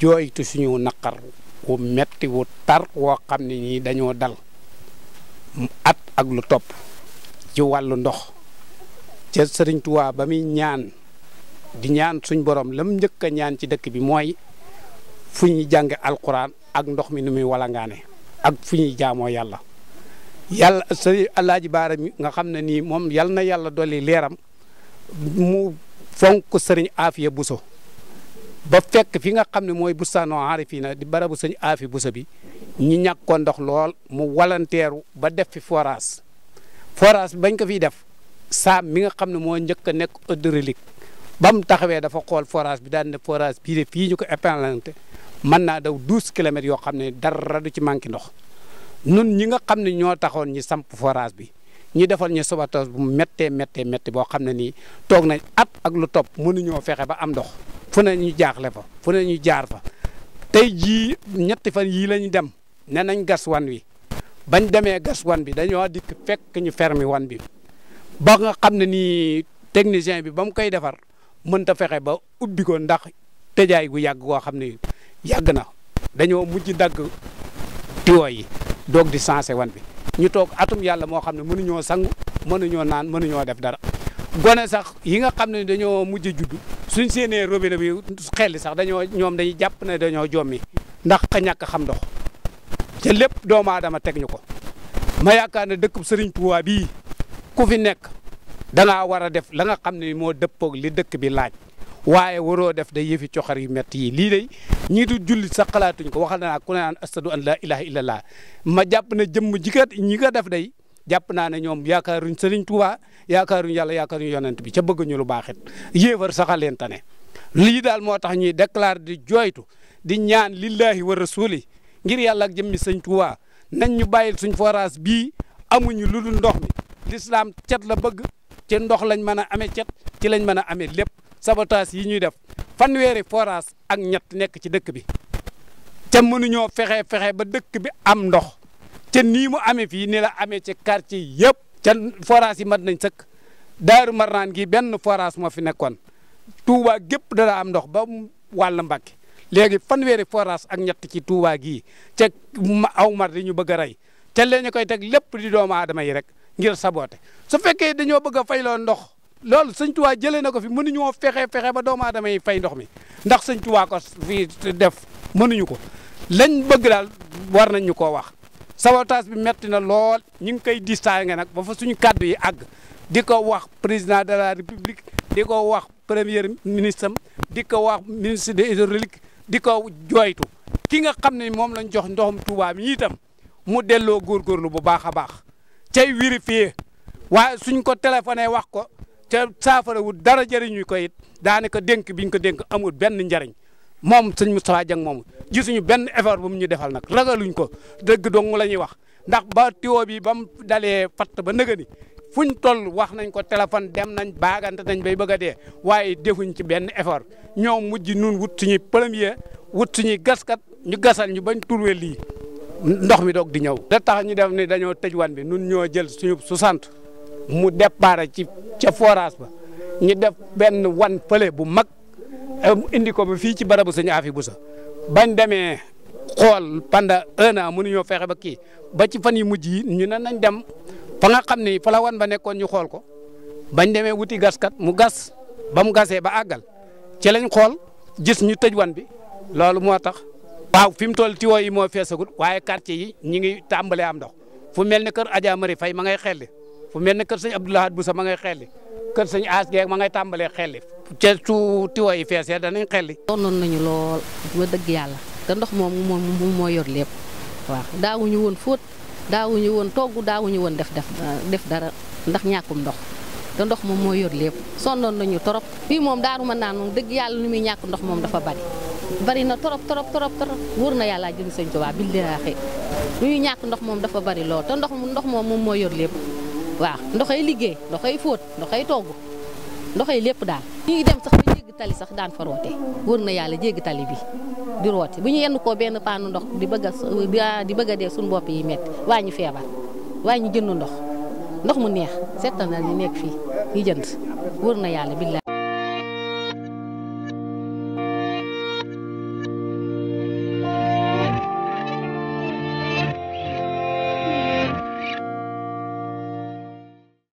jooytu suñu naqar wu metti wu tar woo xam ne nii dañoo dal at ak lu topp ci wàllu ndox ca Sëriñ Tuubaa ba muy ñaan di ñaan suñ borom lam njëkk a ñaan ci dëkk bi mooy fu ñuy jànge alquran ak ndox mi nu muy walangaane ak fu ñuy jaamoo yàlla yàlla sëriñ Alaaji Baara mi nga xam ne nii moom yal na yàlla dolli leeram mu fonk sëriñ Afiya Buso ba fekk fi nga xam ne mooy bustaanu aarifiina di barabu sëñ aafi busa bi ñi ñàkk ko ndox lool mu walanteeru ba def fi forage forage bañ ko fiy def saam mi nga xam ne mooy njëkk a nekk hydraulique ba mu taxawee dafa xool forage bi daan ne forage bii de fii ñu ko épinglante mën naa daw douze kilomètres yoo xam ne dara du ci manqué ndox nun ñi nga xam ne ñoo taxoon ñi samp forage bi ñi defal ñu suba toos bu méttee méttee métti boo xam ne nii toog nañ at ak lu topp mënuñoo fexe ba am fu ne ñu jaaxle fa fu ne ñu jaar fa tey jii ñetti fan yii la ñu dem ne nañ gas wan wi bañ demee gas wan bi dañoo dikk fekk ñu fermi wan bi ba nga xam ne nii technicien bi ba mu koy defar ta fexe ba ubbi ko ndax tëjaay gu yàgg koo xam ne yàgg na dañoo mujj dagg tuyoo yi doog di sensé wan bi ñu toog atum yàlla moo xam ne mënuñoo sangu mënuñoo naan mënuñoo def dara gone sax yi nga xam ne dañoo mujj juddu suñ séenee robinet bi xel sax dañoo ñoom dañuy jàpp ne dañoo jommi ndax a ñàkk xam ndox ca lépp doomu aadama teg ñu ko ma yaakaar ne dëkkub Sëriñ Tuubaa bii ku fi nekk dangaa war a def la nga xam ne moo dëppoog li dëkk bi laaj waaye waroo def day yëfi coxar yu métti yi lii day ñi du julli sax xalaatuñ ko waxal naa ku ne naan an laa ilaha illallah ma jàpp ne jëmm ji kat ñi ko def day jàpp naa ne ñoom yaakaaruñ Sëriñ Tuubaa yaakaaruñ yàlla yaakaaruñ yonent bi ca bëgg ñu lu baaxit yéefar sax a leen lii daal moo tax ñuy déclare di jooytu di ñaan lillahi wa rasuli ngir yàlla ak jëmmi Sëriñ Tuubaa nañ ñu bàyyil suñ forage bii amuñu lu dul ndox mi lislaam cet la bëgg ci ndox lañ mën a amee cet ci lañ mën a amee lépp sabotage yi ñuy def fanweeri forage ak ñett nekk ci dëkk bi te mënuñoo fexe fexe ba dëkk bi am ndox te nii mu amee fii ni la amee ci quartier yëpp ca forage yi mat nañ sëkk daaru marnaan gi benn forage moo fi nekkoon Touba gépp dana am ndox ba wàll Mbàkke léegi fanweeri forage ak ñett ci Touba gi ca aw mar di ñu bëgg a rey te lee ñu koy teg lépp di doomu aadama yi rek ngir saboote su fekkee dañoo bëgg a fayloo ndox loolu sëñ Touba jëlee na ko fi mënuñoo fexe fexe ba doomu aadama yi fay ndox mi ndax sëñ ko fi def mënuñu ko lañ bëgg daal war nañ ñu koo wax sabotage bi metti na lool ñu ngi koy distingué nag ba fa suñu kàddu yi àgg di ko wax président de la république di ko wax premier ministre am di ko wax ministre de l'hydraulique di ko jooytu ki nga xam ne moom lañ jox ndoxum Touba mi itam mu delloo góorgóorlu bu baax a baax cay vérifier waaye suñ ko téléphoné wax ko ca saafara wut dara jëriñu ko it daanaka dénk biñ ko dénk amul benn njariñ moom sëñ Moustapha Dieng moomu gisuñu benn effort bu mu ñu defal nag ragaluñ ko dëgg dong la ñuy wax ndax ba tuyau bi ba mu dalee fatt ba nëgëni fuñ toll wax nañ ko téléphone dem nañ baagante nañ bay bëgg a dee waaye defuñ ci benn effort ñoom mujj nun wut suñuy premier wut suñuy gaskat ñu gasal ñu bañ turwe lii ndox mi doog di ñëw. da tax ñu def ni dañoo tëj wan bi nun ñoo jël suñu su sant mu départ ci ca forage ba ñu def benn wan fële bu mag. Euh, indi ko ba fii ci barabu sëñ Afi Boussa bañ demee xool pendant un an mënuñoo fexe ba kii ba ci fan yi mujj yi ñu ne nañ dem fa nga xam ni fa wan ba nekkoon ñu xool ko bañ demee wuti gaskat mu gas ba mu gasee ba àggal ci lañ xool gis ñu tëj wan bi loolu moo tax. waaw fi mu toll tiwo yi moo feesagul waaye quartier yi ñi ngi tàmbalee am ndox fu mel ne kër Adja Mari Fay ma ngay xelli fu mel ne kër sëñ Abdoulahat Boussa ma ngay xelli kër sëñ As Guèye ma ngay tàmbalee xelli ca su tiwa yi feesee danañ xelli. sonnoon nañu lool ma dëgg yàlla te ndox moom moom moo yor lépp waaw daawuñu woon fóot daawuñu woon togg daawuñu woon def def dara ndax ñàkkum ndox te ndox moom moo yor lépp sonnoon nañu torop fii moom daaru ma naan moom dëgg yàlla nu muy ñàkk ndox moom dafa bari bari na torop torop torop torop wóor na yàlla jëm sëñ Tuubaa billaahi lu ñuy ñàkk ndox moom dafa bari lool te ndox ndox moom moom moo yor lépp waaw ndoxay liggéey togg ndox yi lépp daal ñu dem sax ba jéggi tali sax daan fa roote wër na yàlla jéggi tali bi di roote bu ñu yenn koo benn paanu ndox di bëgg a di bëgg a suñu bopp yi metti waa ñu feebar waa ñu jënd ndox ndox mu neex seetal na nekk fii ñu jënd wër na yàlla billaahi